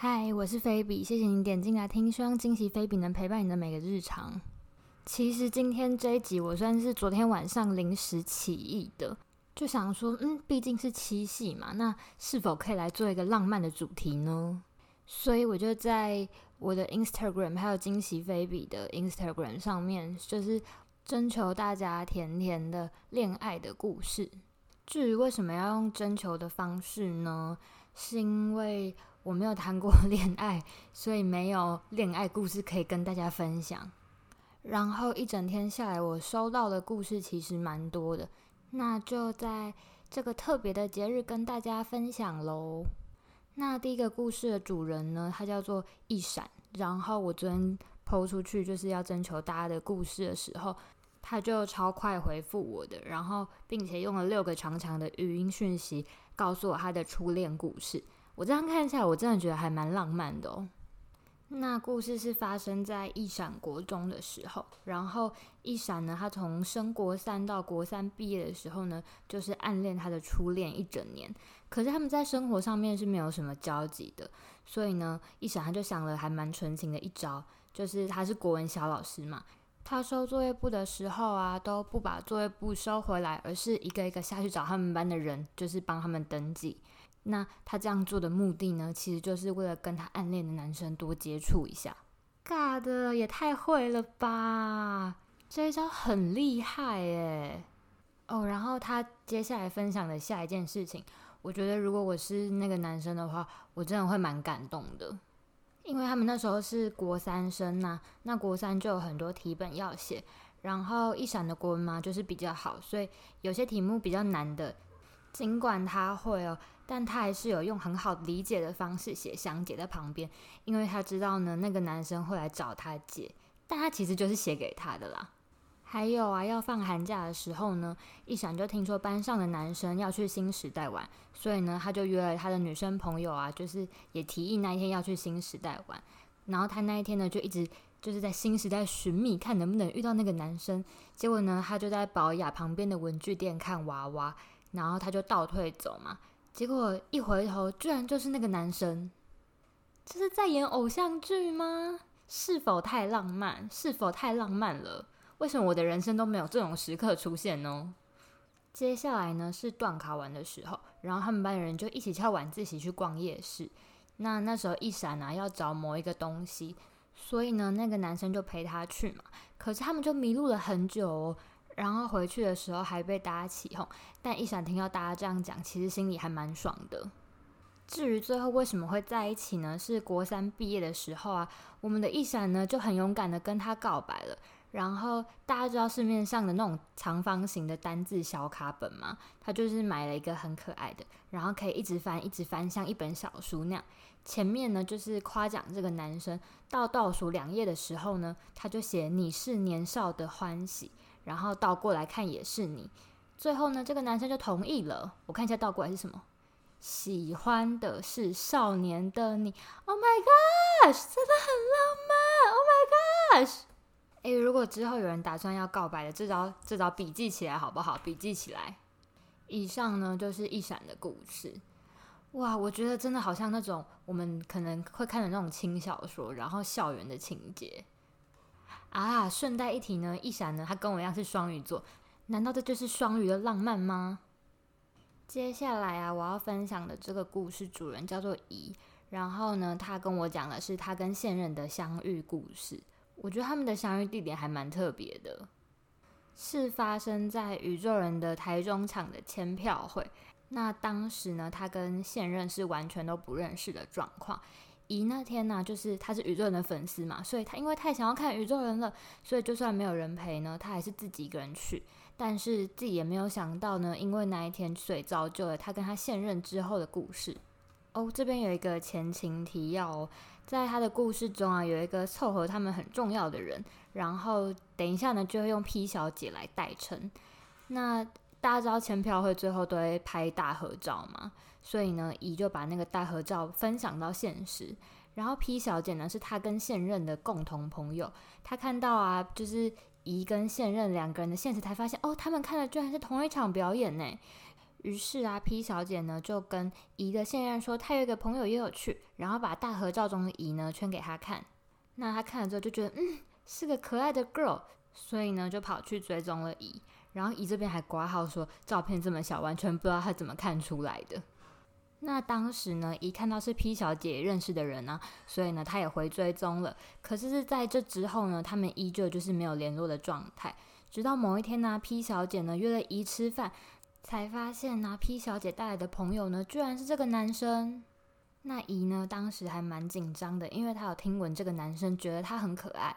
嗨，我是菲比，謝謝你點進來聽，希望今昔菲比能陪伴你的每個日常。其實今天這一集我算是昨天晚上臨時起意的，就想說，嗯，畢竟是七夕嘛，那是否可以來做一個浪漫的主題呢？所以我就在我的 Instagram 還有今昔菲比的 Instagram 上面，就是徵求大家甜甜的戀愛的故事。至於為什麼要用徵求的方式呢？是因為我沒有談過戀愛，所以沒有戀愛故事可以跟大家分享。然後一整天下來，我收到的故事其實蠻多的，那就在這個特別的節日跟大家分享嘍。那第一個故事的主人呢，他叫做一閃。然後我昨天拋出去就是要徵求大家的故事的時候，他就超快回復我的，然後並且用了六個長長的語音訊息告訴我他的初戀故事。我這樣看起來，我真的覺得還蠻浪漫的哦。那故事是發生在一閃國中的時候，然後一閃呢，他從升國三到國三畢業的時候呢，就是暗戀他的初戀一整年。可是他們在生活上面是沒有什麼交集的，所以呢，一閃他就想了還蠻純情的一招，就是他是國文小老師嘛，他收作業簿的時候啊，都不把作業簿收回來，而是一個一個下去找他們班的人，就是幫他們登記。那他這樣做的目的呢，其實就是為了跟他暗戀的男生多接觸一下。尬的也太會了吧！這一招很厲害耶。哦，然後他接下來分享的下一件事情，我覺得如果我是那個男生的話，我真的會蠻感動的。因為他們那時候是國三生吶，那國三就有很多題本要寫，然後一閃的國文嘛就是比較好，所以有些題目比較難的。儘管他會哦、喔，但他還是有用很好理解的方式寫。詳解在旁邊，因為他知道呢，那個男生會來找他借，但他其實就是寫給他的啦。還有啊，要放寒假的時候呢，一閃就聽說班上的男生要去新時代玩，所以呢，他就約了他的女生朋友啊，就是也提議那一天要去新時代玩。然後他那一天呢，就一直就是在新時代尋覓，看能不能遇到那個男生。結果呢，他就在寶雅旁邊的文具店看娃娃。然後他就倒退走嘛，結果一回頭，居然就是那個男生，這是在演偶像劇嗎？是否太浪漫？是否太浪漫了？為什麼我的人生都沒有這種時刻出現呢？接下來呢是段考完的時候，然後他們班人就一起翹晚自習去逛夜市。那那時候一閃啊要找某一個東西，所以呢那個男生就陪他去嘛，可是他們就迷路了很久哦。然後回去的時候還被大家起哄，但一閃聽到大家這樣講，其實心裡還蠻爽的。至於最後為什麼會在一起呢？是國三畢業的時候啊，我們的一閃呢就很勇敢的跟他告白了。然後大家知道市面上的那種長方形的單字小卡本嗎？他就是買了一個很可愛的，然後可以一直翻一直翻，像一本小書那樣。前面呢就是誇獎這個男生，到倒倒數兩頁的時候呢，他就寫：“你是年少的歡喜。”然後倒過來看也是你，最後呢，這個男生就同意了。我看一下倒過來是什麼，喜歡的是少年的你。Oh my gosh，真的很浪漫。Oh my gosh，誒，如果之後有人打算要告白的，這招這招筆記起來好不好？筆記起來。以上呢就是一閃的故事。哇，我覺得真的好像那種我們可能會看的那種輕小說，然後校園的情節。啊，順帶一提呢，一閃呢，他跟我一樣是雙魚座，難道這就是雙魚的浪漫嗎？接下來啊，我要分享的這個故事主人叫做 Yee，然後呢，他跟我講的是他跟現任的相遇故事。我覺得他們的相遇地點還蠻特別的，是發生在宇宙人的台中場的簽票會。那當時呢，他跟現任是完全都不認識的狀況。姨，那天呢、啊，就是他是宇宙人的粉絲嘛，所以他因為太想要看宇宙人了，所以就算沒有人陪呢，他還是自己一個人去。但是自己也沒有想到呢，因為那一天水造就了他跟他現任之後的故事。哦、oh,，這邊有一個前情提要哦，在他的故事中啊，有一個湊合他們很重要的人，然後等一下呢，就會用 P 小姐來代稱。那大家知道簽票會最後都會拍大合照嗎？所以呢，姨就把那個大合照分享到限時，然後 P 小姐呢是她跟現任的共同朋友，她看到啊，就是姨跟現任兩個人的限時，才發現哦，他們看的居然是同一場表演呢。於是啊，P 小姐呢就跟姨的現任說，她有一個朋友也有去，然後把大合照中的姨呢圈給她看，那她看了之後就覺得嗯是個可愛的 girl，所以呢就跑去追蹤了姨，然後姨這邊還括號說照片這麼小，完全不知道她怎麼看出來的。那當時呢，姨看到是 P 小姐認識的人呢啊，所以呢，她也回追蹤了。可是是在這之後呢，他們依舊就是沒有聯絡的狀態。直到某一天呢啊，P 小姐呢約了姨吃飯，才發現呢啊，P 小姐帶來的朋友呢，居然是這個男生。那姨呢，當時還蠻緊張的，因爲她有聽聞這個男生覺得他很可愛。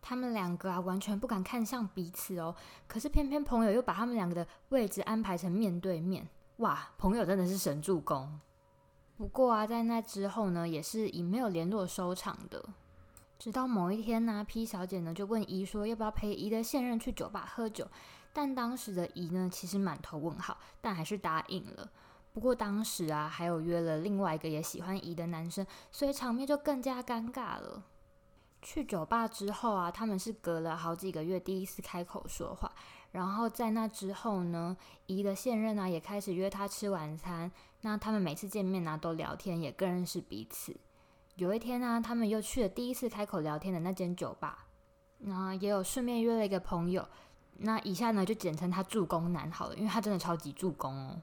他們兩個啊，完全不敢看向彼此哦。可是偏偏朋友又把他們兩個的位置安排成面對面。哇，朋友真的是神助攻。不過啊，在那之後呢，也是以沒有聯絡收場的。直到某一天呢，啊，P 小姐呢就問姨說要不要陪姨的現任去酒吧喝酒，但當時的姨呢其實滿頭問號，但還是答應了。不過當時啊，還有約了另外一個也喜歡姨的男生，所以場面就更加尷尬了。去酒吧之後啊，他們是隔了好幾個月第一次開口說話。然後在那之後呢，姨的現任呢、啊、也開始約他吃晚餐。那他們每次見面呢、啊、都聊天，也更認識彼此。有一天呢、啊，他們又去了第一次開口聊天的那間酒吧。那也有順便約了一個朋友。那以下呢就簡稱他助攻男好了，因為他真的超級助攻哦。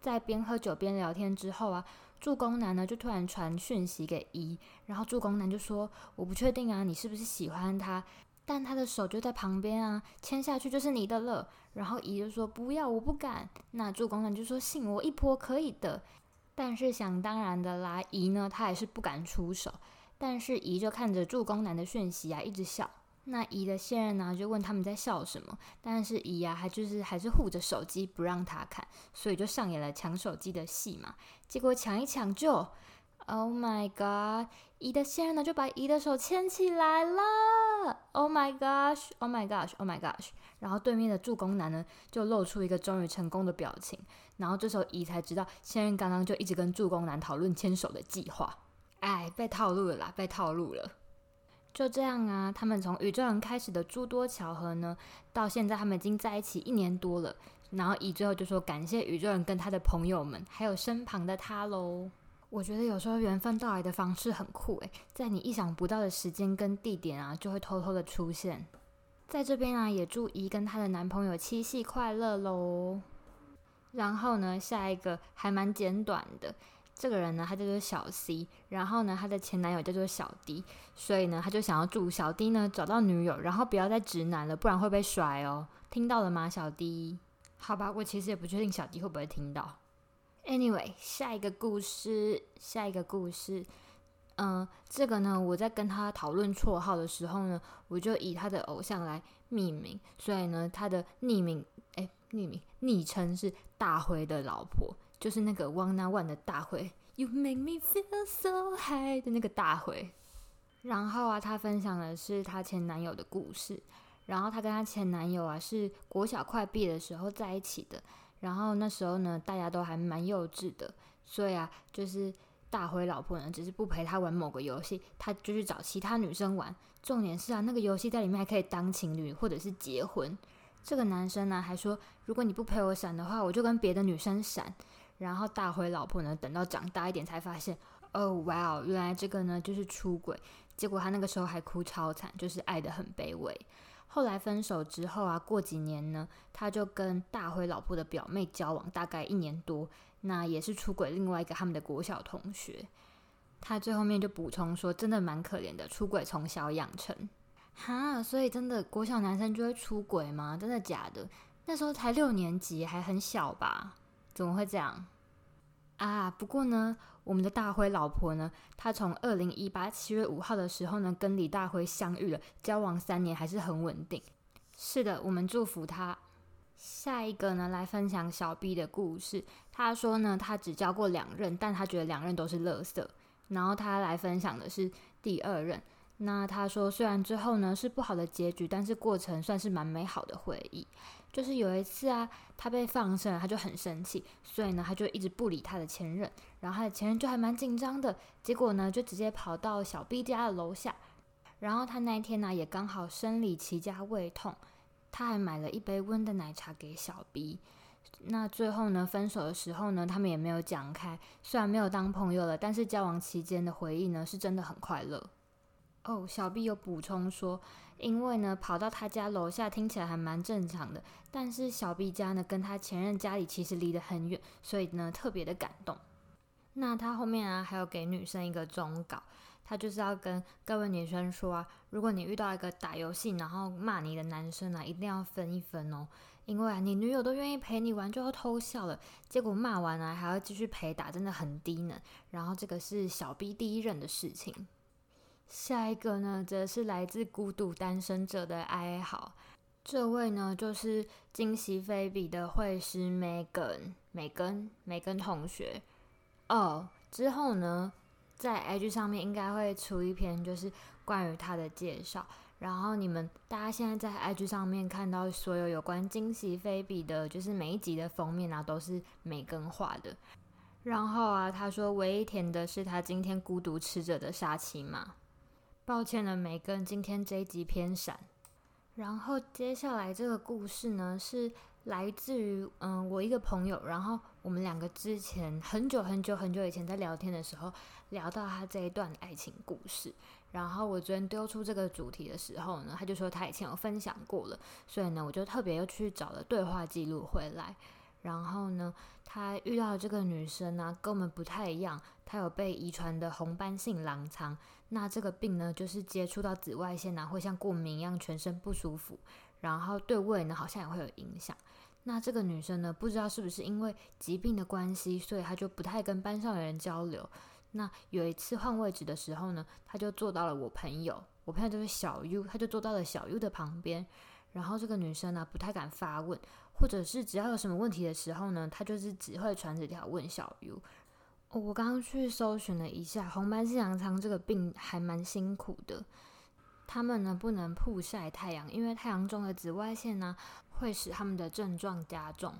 在邊喝酒邊聊天之後啊，助攻男呢就突然傳訊息給姨，然後助攻男就說：“我不確定啊，你是不是喜歡他？”但他的手就在旁邊啊，牽下去就是你的了。然後姨就說：“不要，我不敢。”那助攻男就說：“信我一波，可以的。”但是想當然的啦，姨呢她還是不敢出手。但是姨就看着助攻男的訊息啊，一直笑。那姨的現任呢就問他們在笑什麼，但是姨呀啊，還就是還是護着手機不讓他看，所以就上演了搶手機的戲嘛。結果搶一搶就，Oh my God！乙的現任呢就把乙的手牽起來了，Oh my gosh，Oh my gosh，Oh my gosh，Oh my gosh。然後對面的助攻男呢就露出一個終於成功的表情，然後這時候乙才知道現任剛剛就一直跟助攻男討論牽手的計劃。哎，被套路了啦，被套路了，就這樣啊，他們從宇宙人開始的諸多巧合呢，到現在他們已經在一起一年多了，然後乙最後就說感謝宇宙人跟他的朋友們，還有身旁的他嘍。我覺得有時候緣分到來的方式很酷誒、欸,在你意想不到的時間跟地點啊，就會偷偷的出現在這邊啊。也祝 Yee 跟她的男朋友七夕快樂嘍。然後呢，下一個還蠻簡短的，這個人呢，他叫做小 C，然後呢，他的前男友叫做小 D，所以呢，他就想要祝小 D 呢找到女友，然後不要再直男了，不然會被甩哦。聽到了嗎，小 D？好吧，我其實也不確定小 D 會不會聽到。Anyway，下一個故事，下一個故事。嗯、呃，這個呢，我在跟他討論綽號的時候呢，我就以他的偶像來命名，所以呢，他的匿名哎，匿名昵稱是大輝的老婆，就是那個 Wanna One 的大輝，You make me feel so high 的那個大輝。然後啊，他分享的是他前男友的故事。然後他跟他前男友啊，是國小快畢業的時候在一起的。然後那時候呢，大家都還蠻幼稚的，所以啊，就是大輝老婆呢，只是不陪他玩某個遊戲，他就去找其他女生玩。重點是啊，那個遊戲在裡面還可以當情侶或者是結婚。這個男生呢、啊，還說如果你不陪我閃的話，我就跟別的女生閃。然後大輝老婆呢，等到長大一點才發現，哦哇哦，原來這個呢就是出軌。結果他那個時候還哭超慘，就是愛得很卑微。後來分手之後啊，過幾年呢，他就跟大輝老婆的表妹交往，大概一年多，那也是出軌另外一個他們的國小同學。他最後面就補充說，真的蠻可憐的，出軌從小養成，哈，啊，所以真的國小男生就會出軌嗎？真的假的？那時候才六年級，還很小吧？怎麼會這樣啊？不過呢，我們的大輝老婆呢，她從二零一八七月五號的時候呢，跟李大輝相遇了，交往三年還是很穩定。是的，我們祝福她。下一個呢，來分享小 B 的故事。她說呢，她只交過兩任，但她覺得兩任都是垃圾。然後她來分享的是第二任。那他說，雖然最後呢是不好的結局，但是過程算是蠻美好的回憶。就是有一次啊，他被放生了，他就很生氣，所以呢，他就一直不理他的前任。然後他的前任就還蠻緊張的，結果呢，就直接跑到小 B 家的樓下。然後他那一天呢，啊，也剛好生理期加胃痛，他還買了一杯溫的奶茶給小 B。那最後呢，分手的時候呢，他們也沒有講開，雖然沒有當朋友了，但是交往期間的回憶呢，是真的很快樂。哦、oh，小 B 有補充說，因為呢跑到他家樓下聽起來還蠻正常的，但是小 B 家呢跟他前任家裡其實離得很遠，所以呢特別的感動。那他後面啊還有給女生一個忠告，他就是要跟各位女生說啊，如果你遇到一個打遊戲然後罵你的男生啊，一定要分一分哦，因為啊你女友都願意陪你玩就要偷笑了，結果罵完了，啊、還要繼續陪打，真的很低能。然後這個是小 B 第一任的事情。下一個呢，則是來自孤獨單身者的哀嚎。這位呢，就是今昔菲比的繪師、Megan、美根美根美根同學哦。之後呢，在 IG 上面應該會出一篇，就是關於他的介紹。然後你們大家現在在 IG 上面看到所有有關今昔菲比的，就是每一集的封面啊，都是美根畫的。然後啊，他說唯一甜的是他今天孤獨吃着的沙琪瑪。抱歉了，美根，今天這一集偏閃。然後接下來這個故事呢，是來自於嗯，我一個朋友，然後我們兩個之前很久很久很久以前在聊天的時候聊到他這一段愛情故事。然後我昨天丟出這個主題的時候呢，他就說他以前有分享過了，所以呢，我就特別又去找了對話記錄回來。然後呢，他遇到的這個女生呢、啊，跟我們不太一樣。她有被遺傳的紅斑性狼瘡，那這個病呢，就是接觸到紫外線呢、啊，會像過敏一樣，全身不舒服。然後對胃呢，好像也會有影響。那這個女生呢，不知道是不是因為疾病的關係，所以她就不太跟班上的人交流。那有一次換位置的時候呢，她就坐到了我朋友，我朋友就是小 U，她就坐到了小 U 的旁邊。然後這個女生呢、啊，不太敢發問。或者是只要有什麼問題的時候呢，他就是只會傳紙條問小 U。我剛剛去搜尋了一下，紅斑性狼瘡，這個病還蠻辛苦的。他們呢不能曝晒太陽，因為太陽中的紫外線呢會使他們的症狀加重。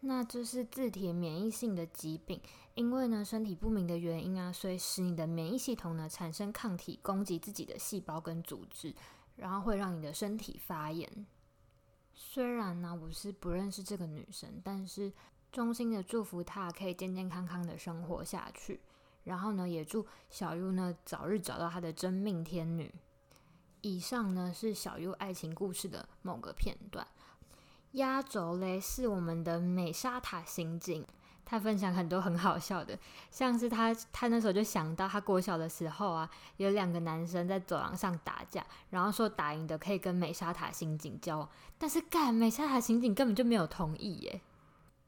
那這是自體免疫性的疾病，因為呢身體不明的原因啊，所以使你的免疫系統呢產生抗體攻擊自己的細胞跟組織，然後會讓你的身體發炎。雖然呢，我是不認識這個女生，但是衷心的祝福她可以健健康康的生活下去。然後呢，也祝小 U 呢早日找到她的真命天女。以上呢是小 U 愛情故事的某個片段。壓軸嘞是我們的美沙塔刑警。他分享很多很好笑的，像是他他那時候就想到他國小的時候啊，有兩個男生在走廊上打架，然後說打贏的可以跟美沙塔刑警交往，但是幹美沙塔刑警根本就沒有同意耶。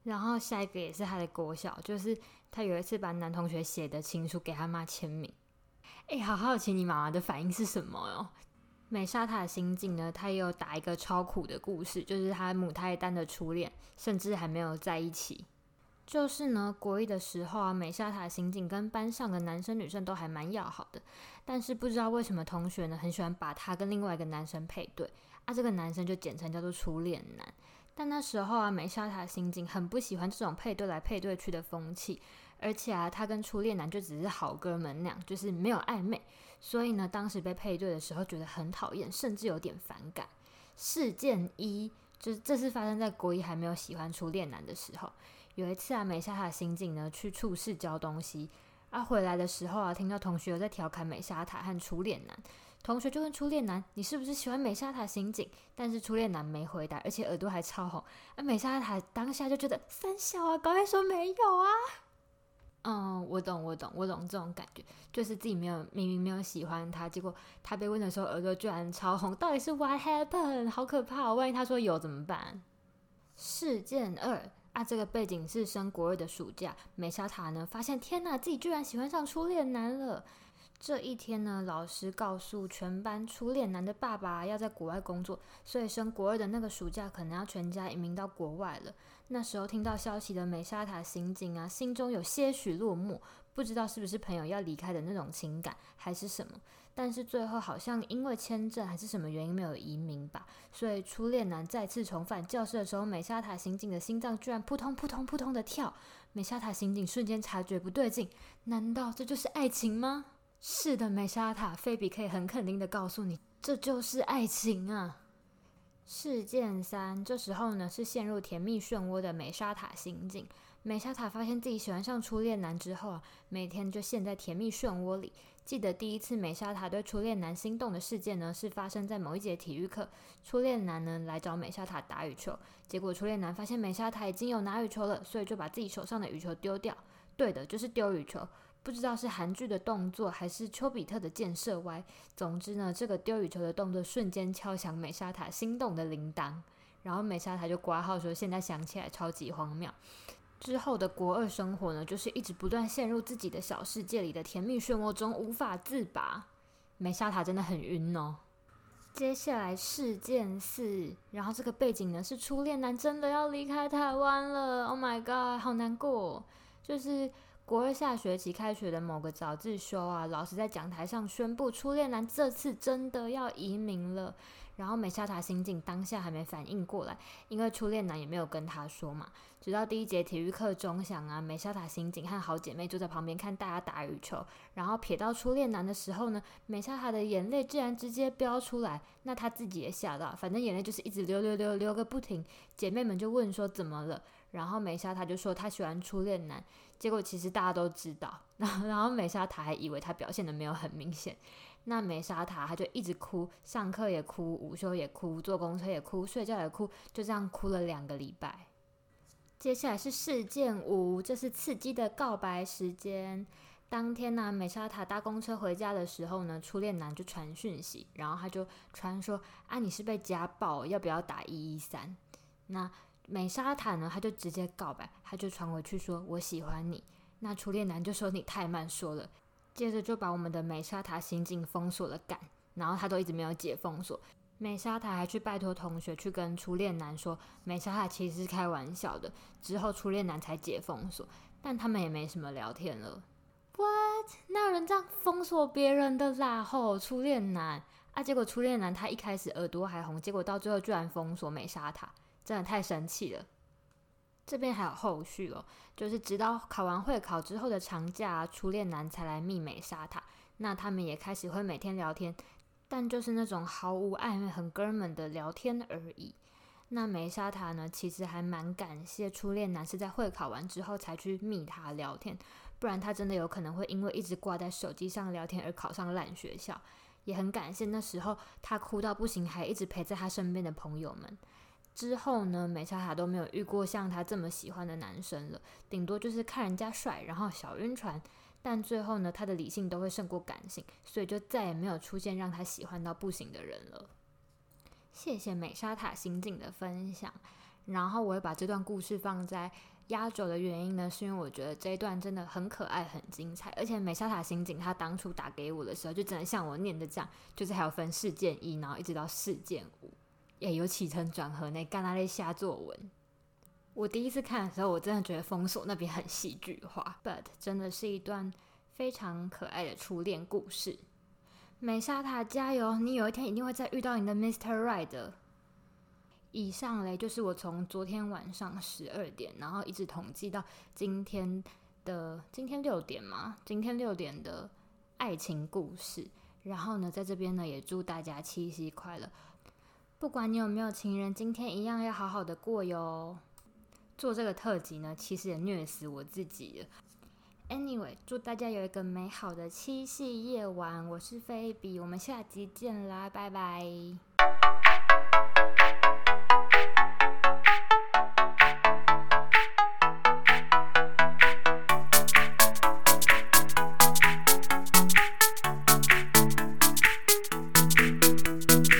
然後下一個也是他的國小，就是他有一次把男同學寫的情書給他媽簽名，哎、欸，好好奇你媽媽的反應是什麼哦、喔？美沙塔刑警呢，他也有打一個超苦的故事，就是他母胎單的初戀，甚至還沒有在一起。就是呢，國一的時候啊，美沙塔刑警跟班上的男生女生都還蠻要好的。但是不知道為什麼同學呢，很喜歡把他跟另外一個男生配對啊。這個男生就簡稱叫做初戀男。但那時候啊，美沙塔刑警很不喜歡這種配對來配對去的風氣，而且啊，他跟初戀男就只是好哥們那樣，就是沒有曖昧。所以呢，當時被配對的時候覺得很討厭，甚至有點反感。事件一，就是這是發生在國一還沒有喜歡初戀男的時候。有一次啊，美沙塔刑警呢，去處室交東西啊，回來的時候啊，聽到同學在調侃美沙塔和初戀男，同學就問初戀男：“你是不是喜歡美沙塔刑警？”但是初戀男沒回答，而且耳朵還超紅。啊，美沙塔當下就覺得三小啊，剛還說沒有啊。嗯，我懂，我懂，我懂這種感覺，就是自己沒有明明沒有喜歡他，結果他被問的時候耳朵居然超紅，到底是 what happened？好可怕喔，萬一他說有怎麼辦？事件二。啊，這個背景是升國二的暑假，美沙塔呢發現天吶、啊，自己居然喜歡上初戀男了。這一天呢，老師告訴全班，初戀男的爸爸要在國外工作，所以升國二的那個暑假可能要全家移民到國外了。那時候聽到消息的美沙塔，刑警啊，心中有些許落寞。不知道是不是朋友要離開的那種情感，還是什麼，但是最後好像因為簽證還是什麼原因沒有移民吧，所以初戀男再次重返教室的時候，美沙塔刑警的心臟居然撲通撲通撲通的跳，美沙塔刑警瞬間察覺不對勁，難道這就是愛情嗎？是的，美沙塔菲比可以很肯定的告訴你，這就是愛情啊。事件三，這時候呢是陷入甜蜜漩渦的美沙塔刑警。美沙塔發現自己喜歡上初戀男之後啊，每天就陷在甜蜜漩渦裡。記得第一次美沙塔對初戀男心動的事件呢，是發生在某一節體育課。初戀男呢來找美沙塔打羽球，結果初戀男發現美沙塔已經有拿羽球了，所以就把自己手上的羽球丟掉。對的，就是丟羽球。不知道是韓劇的動作，還是丘比特的箭射歪。總之呢，這個丟羽球的動作瞬間敲響美沙塔心動的鈴鐺，然後美沙塔就掛號說：“現在想起來超級荒謬。”之後的國二生活呢，就是一直不斷陷入自己的小世界裡的甜蜜漩渦中，無法自拔。美沙塔真的很暈哦、喔。接下來事件四，然後這個背景呢是初戀男真的要離開台灣了。Oh my god，好難過、喔，就是。國二下學期開學的某個早自修啊，老師在講台上宣布，初戀男這次真的要移民了。然後美沙塔刑警當下還沒反應過來，因為初戀男也沒有跟他說嘛。直到第一節體育課鐘響啊，美沙塔刑警和好姐妹坐在旁邊看大家打羽球，然後瞥到初戀男的時候呢，美沙塔的眼淚竟然直接飆出來，那她自己也嚇到，反正眼淚就是一直流流流流個不停。姐妹們就問說怎麼了？然後美沙塔就說他喜歡初戀男，結果其實大家都知道。然後，然後美沙塔還以為他表現得沒有很明顯，那美沙塔她就一直哭，上課也哭，午休也哭，坐公車也哭，睡覺也哭，就這樣哭了兩個禮拜。接下來是事件五，這是刺激的告白時間。當天呢、啊，美沙塔搭公車回家的時候呢，初戀男就傳訊息，然後他就傳說啊，你是被家暴，要不要打一一三？那。美沙塔呢？他就直接告白，他就傳回去說“我喜歡你”。那初戀男就說“你太慢說了”，接着就把我們的美沙塔心境封鎖了，幹，然後他都一直沒有解封鎖。美沙塔還去拜托同學去跟初戀男說，美沙塔其實是開玩笑的。之後初戀男才解封鎖，但他們也沒什麼聊天了。What？那人家封鎖別人的啦，吼初戀男啊，結果初戀男他一開始耳朵還紅，結果到最後居然封鎖美沙塔。真的太神奇了！這邊還有後續哦，就是直到考完會考之後的長假啊，初戀男才來密美沙塔。那他們也開始會每天聊天，但就是那種毫無曖昧、很哥們兒的聊天而已。那美沙塔呢，其實還蠻感謝初戀男是在會考完之後才去密他聊天，不然他真的有可能會因為一直掛在手機上聊天而考上爛學校。也很感謝那時候他哭到不行還一直陪在他身邊的朋友們。之後呢，美沙塔都沒有遇過像他這麼喜歡的男生了，頂多就是看人家帥，然後小暈船。但最後呢，他的理性都會勝過感性，所以就再也沒有出現讓他喜歡到不行的人了。謝謝美沙塔刑警的分享，然後我會把這段故事放在壓軸的原因呢，是因為我覺得這一段真的很可愛、很精彩。而且美沙塔刑警他當初打給我的時候，就只能像我念的這樣，就是還要分事件一，然後一直到事件五。也有起承轉合，那幹哪裡瞎作文？我第一次看的時候，我真的覺得封鎖那邊很戲劇化，But 真的是一段非常可愛的初戀故事。美沙塔，加油！你有一天一定會再遇到你的 Mr. Right 的。以上呢，就是我從昨天晚上十二點，然後一直統計到今天的今天六點嘛，今天六點的愛情故事。然後呢，在這邊呢，也祝大家七夕快樂。不管你有沒有情人，今天一樣要好好的過喲。做這個特輯呢，其實也虐死我自己了。Anyway，祝大家有一個美好的七夕夜晚。我是菲比，我們下集見啦，拜拜。